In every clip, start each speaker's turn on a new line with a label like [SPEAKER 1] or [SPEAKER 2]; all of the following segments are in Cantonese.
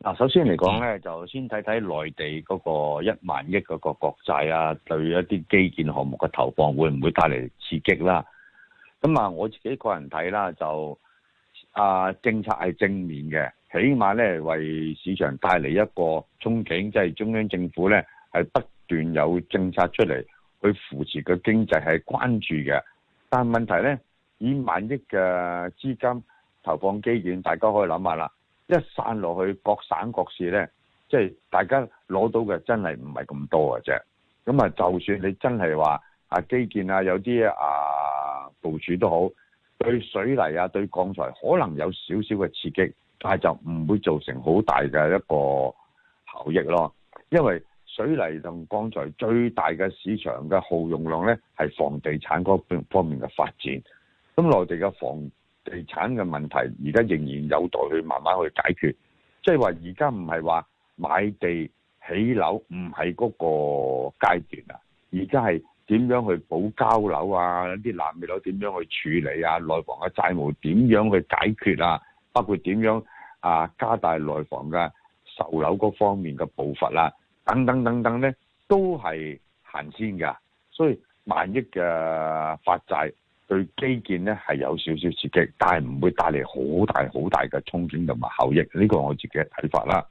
[SPEAKER 1] 嗱，首先嚟講咧，就先睇睇內地嗰個一萬億嗰個國債啊，對一啲基建項目嘅投放會唔會帶嚟刺激啦？咁啊，我自己個人睇啦，就啊，政策係正面嘅，起碼咧為市場帶嚟一個憧憬，即係中央政府咧係不斷有政策出嚟去扶持個經濟係關注嘅。但問題咧，以萬億嘅資金投放基建，大家可以諗下啦。一散落去各省各市呢，即係大家攞到嘅真係唔係咁多嘅啫。咁啊，就算你真係話啊基建啊有啲啊部署都好，對水泥啊對鋼材可能有少少嘅刺激，但係就唔會造成好大嘅一個效益咯。因為水泥同鋼材最大嘅市場嘅耗用量呢，係房地產嗰邊方面嘅發展。咁內地嘅房地產嘅問題而家仍然有待去慢慢去解決，即係話而家唔係話買地起樓唔係嗰個階段啊，而家係點樣去補交樓啊？啲爛尾樓點樣去處理啊？內房嘅債務點樣去解決啊？包括點樣啊加大內房嘅售樓嗰方面嘅步伐啦、啊，等等等等呢，都係行先㗎。所以萬億嘅發債。對基建呢係有少少刺激，但係唔會帶嚟好大好大嘅衝擊同埋效益。呢個我自己嘅睇法啦。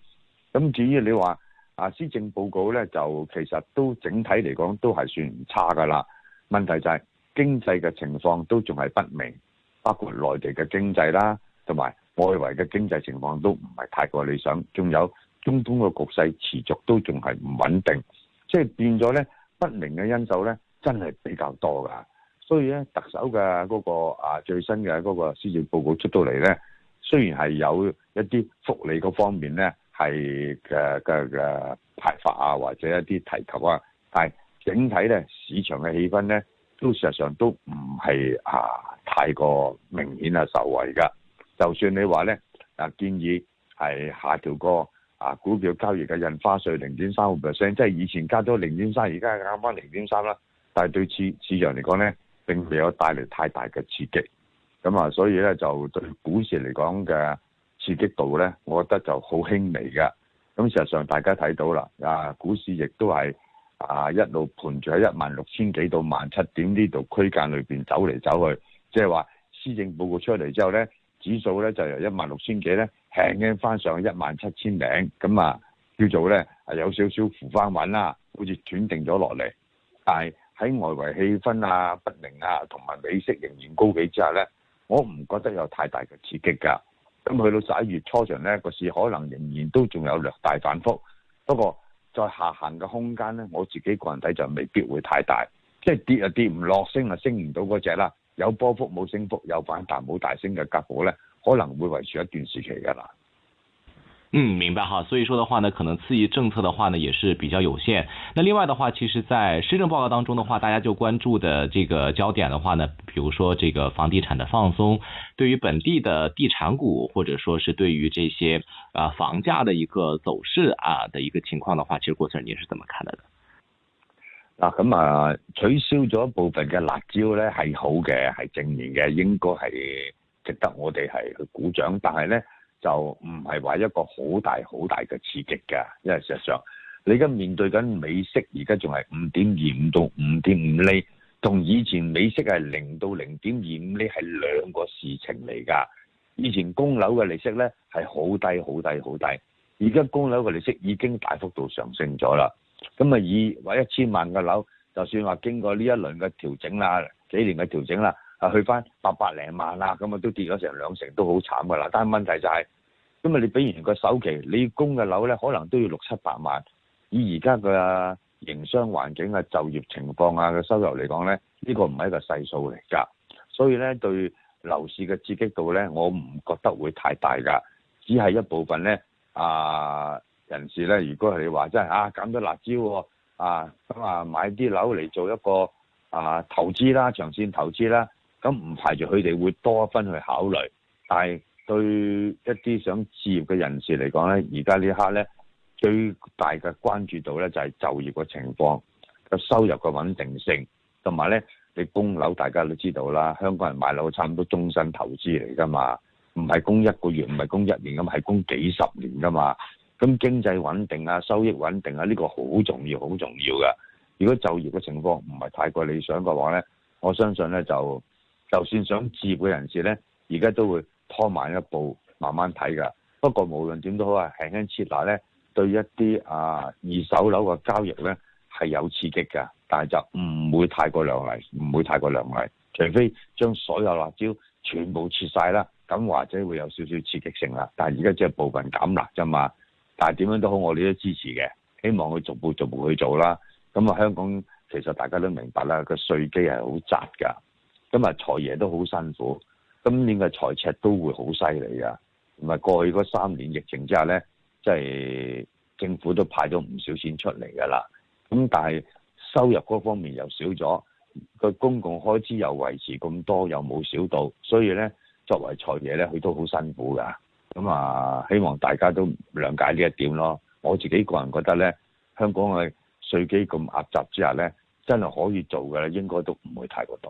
[SPEAKER 1] 咁至於你話啊，施政報告呢，就其實都整體嚟講都係算唔差噶啦。問題就係經濟嘅情況都仲係不明，包括內地嘅經濟啦，同埋外圍嘅經濟情況都唔係太過理想。仲有中東嘅局勢持續都仲係唔穩定，即係變咗呢不明嘅因素呢，真係比較多噶。所以咧，特首嘅嗰個啊最新嘅嗰個施政報告出到嚟咧，雖然係有一啲福利嗰方面咧係嘅嘅嘅派發啊，或者一啲提及啊，但係整體咧市場嘅氣氛咧，都事實上都唔係啊太過明顯啊受惠㗎。就算你話咧啊建議係下調個啊股票交易嘅印花稅零點三五 percent，即係以前加咗零點三，而家啱返零點三啦，但係對市市場嚟講咧。並沒有帶嚟太大嘅刺激，咁啊，所以咧就對股市嚟講嘅刺激度咧，我覺得就好輕微嘅。咁、嗯、事實上大家睇到啦，啊，股市亦都係啊一路盤住喺一萬六千幾到萬七點呢度區間裏邊走嚟走去，即係話施政報告出嚟之後咧，指數咧就由一萬六千幾咧輕輕翻上一萬七千零，咁、嗯、啊叫做咧啊有少少扶翻穩啦，好似斷定咗落嚟，但係。喺外圍氣氛啊、不寧啊，同埋美息仍然高企之下呢，我唔覺得有太大嘅刺激㗎。咁去到十一月初上呢，個市可能仍然都仲有略大反覆，不過再下行嘅空間呢，我自己個人睇就未必會太大，即係跌就跌唔落，升就升唔到嗰隻啦。有波幅冇升幅，有反彈冇大升嘅格局呢，可能會維持一段時期㗎啦。
[SPEAKER 2] 嗯，明白哈。所以說的話呢，可能刺激政策的話呢也是比較有限。那另外的話，其實，在施政報告當中的話，大家就關注的這個焦點的話呢，比如說這個房地產的放鬆，對於本地的地產股或者說是對於這些啊房價的一個走勢啊的一個情況的話，其實過程生郭先生
[SPEAKER 1] 你是怎麼看的呢？呢嗱，咁啊，取消咗部分嘅辣招呢係好嘅，係正面嘅，應該係值得我哋係去鼓掌。但係呢就唔係話一個好大好大嘅刺激㗎，因為事實上你而家面對緊美息，而家仲係五點二五到五點五厘，同以前美息係零到零點二五厘係兩個事情嚟㗎。以前供樓嘅利息咧係好低好低好低，而家供樓嘅利息已經大幅度上升咗啦。咁啊以買一千萬嘅樓，就算話經過呢一輪嘅調整啦，幾年嘅調整啦。百百啊！去翻八百零萬啦，咁啊都跌咗成兩成，都好慘㗎啦。但係問題就係、是，咁啊你畀完個首期，你供嘅樓咧，可能都要六七百萬。以而家嘅營商環境啊、就業情況啊嘅收入嚟講咧，呢、呢個唔係一個細數嚟㗎。所以咧，對樓市嘅刺激度咧，我唔覺得會太大㗎，只係一部分咧啊人士咧。如果你話真係啊減咗辣椒啊咁啊買啲樓嚟做一個啊投資啦，長線投資啦。咁唔排除佢哋會多一分去考慮，但係對一啲想置業嘅人士嚟講呢，而家呢刻呢最大嘅關注度呢，就係就業嘅情況，個收入嘅穩定性，同埋呢你供樓大家都知道啦，香港人買樓差唔多終身投資嚟㗎嘛，唔係供一個月，唔係供一年咁，係供幾十年㗎嘛。咁經濟穩定啊，收益穩定啊，呢個好重要，好重要㗎。如果就業嘅情況唔係太過理想嘅話呢，我相信呢就。就算想置業嘅人士呢，而家都會拖慢一步，慢慢睇㗎。不過無論點都好啊，輕輕切辣呢，對一啲啊二手樓嘅交易呢，係有刺激㗎。但係就唔會太過量㗎，唔會太過量㗎。除非將所有辣椒全部切晒啦，咁或者會有少少刺激性啦。但係而家只係部分減辣啫嘛。但係點樣都好，我哋都支持嘅。希望佢逐步逐步去做啦。咁啊，香港其實大家都明白啦，個稅基係好窄㗎。今日財爺都好辛苦，今年嘅財赤都會好犀利啊。同埋過去嗰三年疫情之下呢，即係政府都派咗唔少錢出嚟㗎啦。咁但係收入嗰方面又少咗，個公共開支又維持咁多，又冇少到，所以呢，作為財爺呢，佢都好辛苦㗎。咁啊，希望大家都諒解呢一點咯。我自己個人覺得呢，香港嘅稅基咁壓雜之下呢，真係可以做嘅，應該都唔會太過多。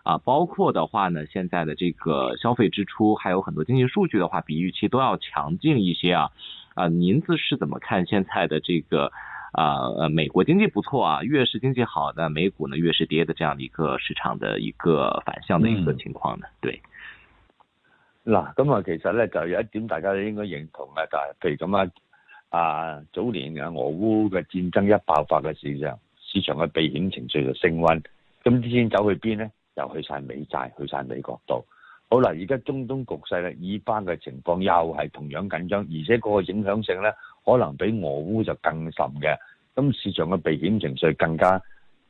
[SPEAKER 2] 啊，包括的話呢，現在的這個消費支出，還有很多經濟數據的話，比預期都要強勁一些啊。啊，您自是怎麼看現在的這個啊？呃、啊，美國經濟不錯啊，越是經濟好，的美股呢越是跌的這樣的一個市場的一個反向的一個情況呢？對。
[SPEAKER 1] 嗱、嗯，咁啊，其實呢，就有一點大家都應該認同、就是、啊，就係譬如咁啊，啊早年嘅俄烏嘅戰爭一爆發嘅時候，市場嘅避險情緒就升溫，咁呢先走去邊呢？又去晒美債，去晒美國度。好啦，而家中東局勢咧，以巴嘅情況又係同樣緊張，而且嗰個影響性咧，可能比俄烏就更甚嘅。咁市場嘅避險情緒更加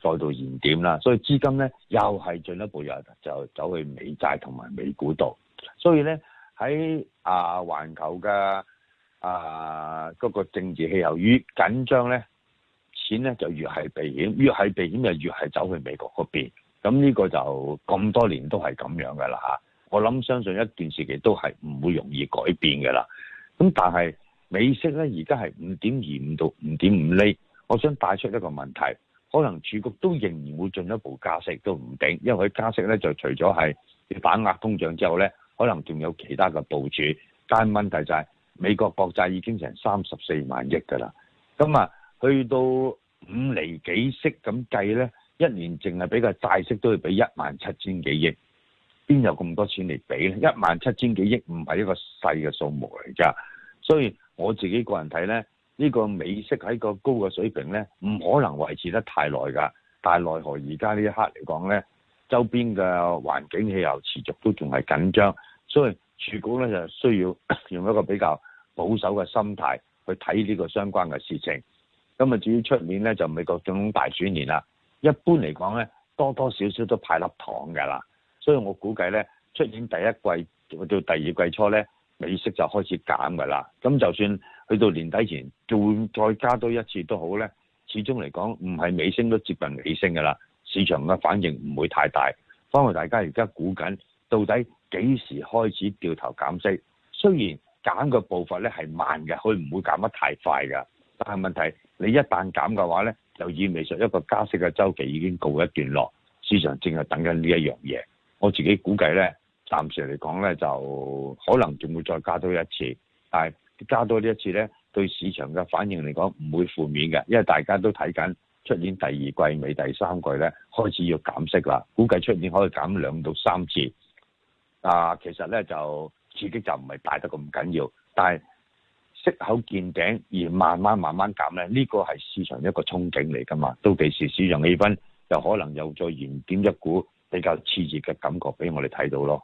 [SPEAKER 1] 再度燃點啦，所以資金咧又係進一步又就走去美債同埋美股度。所以咧喺啊，環球嘅啊嗰、嗰個政治氣候越緊張咧，錢咧就越係避險，越係避險就越係走去美國嗰邊。咁呢個就咁多年都係咁樣嘅啦吓，我諗相信一段時期都係唔會容易改變嘅啦。咁但係美息咧，而家係五點二五到五點五厘，我想帶出一個問題，可能儲局都仍然會進一步加息都唔定，因為佢加息咧就除咗係要打壓通脹之後咧，可能仲有其他嘅部署。但問題就係美國國債已經成三十四萬億㗎啦，咁啊去到五厘幾息咁計咧。一年淨係俾個債息都要俾一萬七千幾億，邊有咁多錢嚟俾咧？一萬七千幾億唔係一個細嘅數目嚟㗎，所以我自己個人睇咧，呢個美息喺個高嘅水平咧，唔可能維持得太耐㗎。但係奈何而家呢一刻嚟講咧，周邊嘅環境氣候持續都仲係緊張，所以儲局咧就需要用一個比較保守嘅心態去睇呢個相關嘅事情。咁啊，至於出年咧就美國總統大選年啦。一般嚟講咧，多多少少都派粒糖㗎啦，所以我估計咧，出年第一季去到第二季初咧，美息就開始減㗎啦。咁就算去到年底前再再加多一次都好咧，始終嚟講唔係尾聲都接近尾聲㗎啦，市場嘅反應唔會太大。翻嚟大家而家估緊到底幾時開始掉頭減息？雖然減嘅步伐咧係慢嘅，佢唔會減得太快㗎，但係問題。你一旦減嘅話咧，就意味著一個加息嘅周期已經告一段落，市場正係等緊呢一樣嘢。我自己估計咧，暫時嚟講咧就可能仲會再加多一次，但係加多呢一次咧，對市場嘅反應嚟講唔會負面嘅，因為大家都睇緊出年第二季尾、第三季咧開始要減息啦。估計出年可以減兩到三次。啊、呃，其實咧就刺激就唔係大得咁緊要，但係息口見頂而慢慢慢慢減呢，呢個係市場一個憧憬嚟㗎嘛，到期時市場氣氛又可能又再燃點一股比較熾熱嘅感覺俾我哋睇到咯。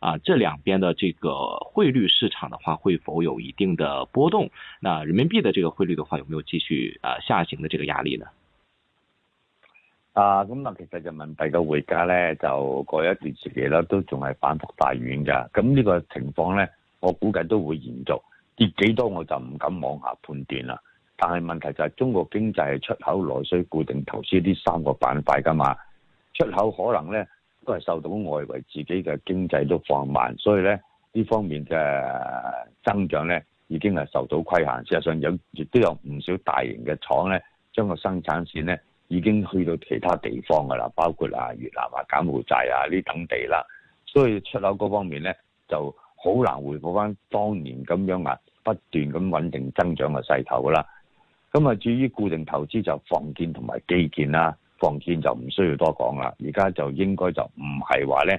[SPEAKER 2] 啊，這兩邊的這個匯率市場的話，會否有一定的波動？那人民幣的這個匯率的話，有沒有繼續啊下行的這個壓力呢？
[SPEAKER 1] 啊，咁、嗯、啊，其實人民幣嘅匯價咧，就過一段時期啦，都仲係反覆大軟噶。咁、嗯、呢、這個情況咧，我估計都會延續跌幾多，我就唔敢往下判斷啦。但係問題就係中國經濟係出口、內需、固定投資呢三個板塊噶嘛，出口可能咧。都係受到外圍自己嘅經濟都放慢，所以咧呢方面嘅增長咧已經係受到規限。事實上有亦都有唔少大型嘅廠咧，將個生產線咧已經去到其他地方㗎啦，包括啊越南啊柬埔寨啊呢等地啦。所以出口嗰方面咧就好難回復翻當年咁樣啊不斷咁穩定增長嘅勢頭㗎啦。咁啊，至於固定投資就房建同埋基建啦。房建就唔需要多講啦，而家就應該就唔係話呢，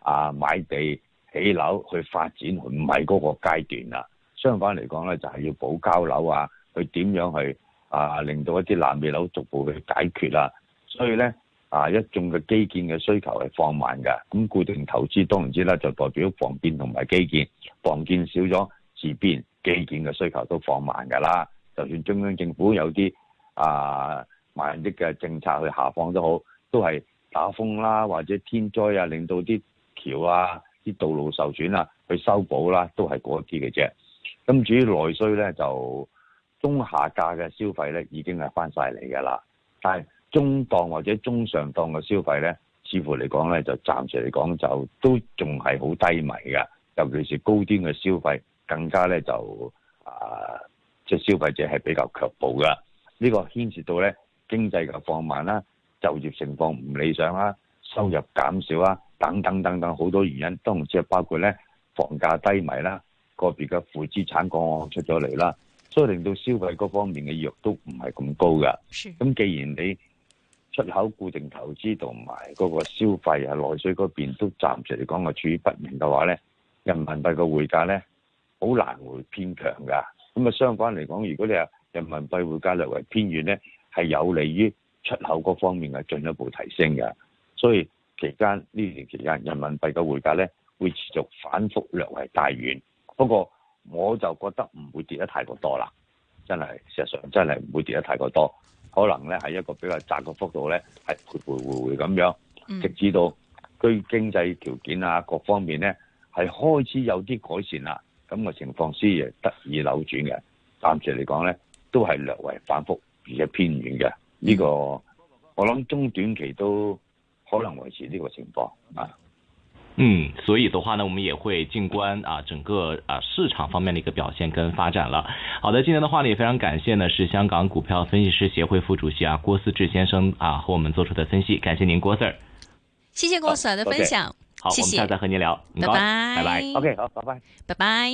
[SPEAKER 1] 啊買地起樓去發展唔係嗰個階段啦，相反嚟講呢就係要補交樓啊，去點樣去啊令到一啲爛尾樓逐步去解決啦。所以呢，啊一眾嘅基建嘅需求係放慢㗎，咁固定投資當然之啦，就代表房建同埋基建，房建少咗，自必然基建嘅需求都放慢㗎啦。就算中央政府有啲啊～萬億嘅政策去下放都好，都係打風啦，或者天災啊，令到啲橋啊、啲道路受損啊，去修補啦，都係嗰啲嘅啫。咁至於內需咧，就中下價嘅消費咧，已經係翻晒嚟嘅啦。但係中檔或者中上檔嘅消費咧，似乎嚟講咧，就暫時嚟講就都仲係好低迷嘅，尤其是高端嘅消費更加咧就啊，即係消費者係比較卻步嘅。呢個牽涉到咧。經濟嘅放慢啦、啊，就業情況唔理想啦、啊，收入減少啦、啊，等等等等好多原因，都唔止啊，包括咧房價低迷啦、啊，個別嘅負資產個案出咗嚟啦，所以令到消費嗰方面嘅意欲都唔係咁高嘅。咁既然你出口、固定投資同埋嗰個消費啊，內需嗰邊都暫時嚟講係處於不明嘅話咧，人民幣嘅匯價咧好難會偏強嘅。咁啊相反嚟講，如果你話人民幣匯價略為偏軟咧，係有利於出口嗰方面嘅進一步提升嘅，所以期間呢段期間，人民幣嘅匯價咧會持續反覆略為大軟。不過我就覺得唔會跌得太過多啦，真係事實上真係唔會跌得太過多，可能咧係一個比較窄嘅幅度咧，係回回回回咁樣，直至到居經濟條件啊各方面咧係開始有啲改善啦，咁嘅情況先至得以扭轉嘅。暫時嚟講咧都係略為反覆。而且偏遠嘅呢個，我諗中短期都可能維持呢個情況啊。
[SPEAKER 2] 嗯，所以的話呢，我們也會靜觀啊，整個啊市場方面的一個表現跟發展了。好的，今天的話呢，也非常感謝呢，是香港股票分析師協會副主席啊郭思治先生啊，和我們做出的分析。感謝您，郭 Sir。謝謝郭 Sir 的分享。好，我們下次再和您聊。拜拜 bye，拜拜，OK，好，拜
[SPEAKER 1] 拜，拜拜。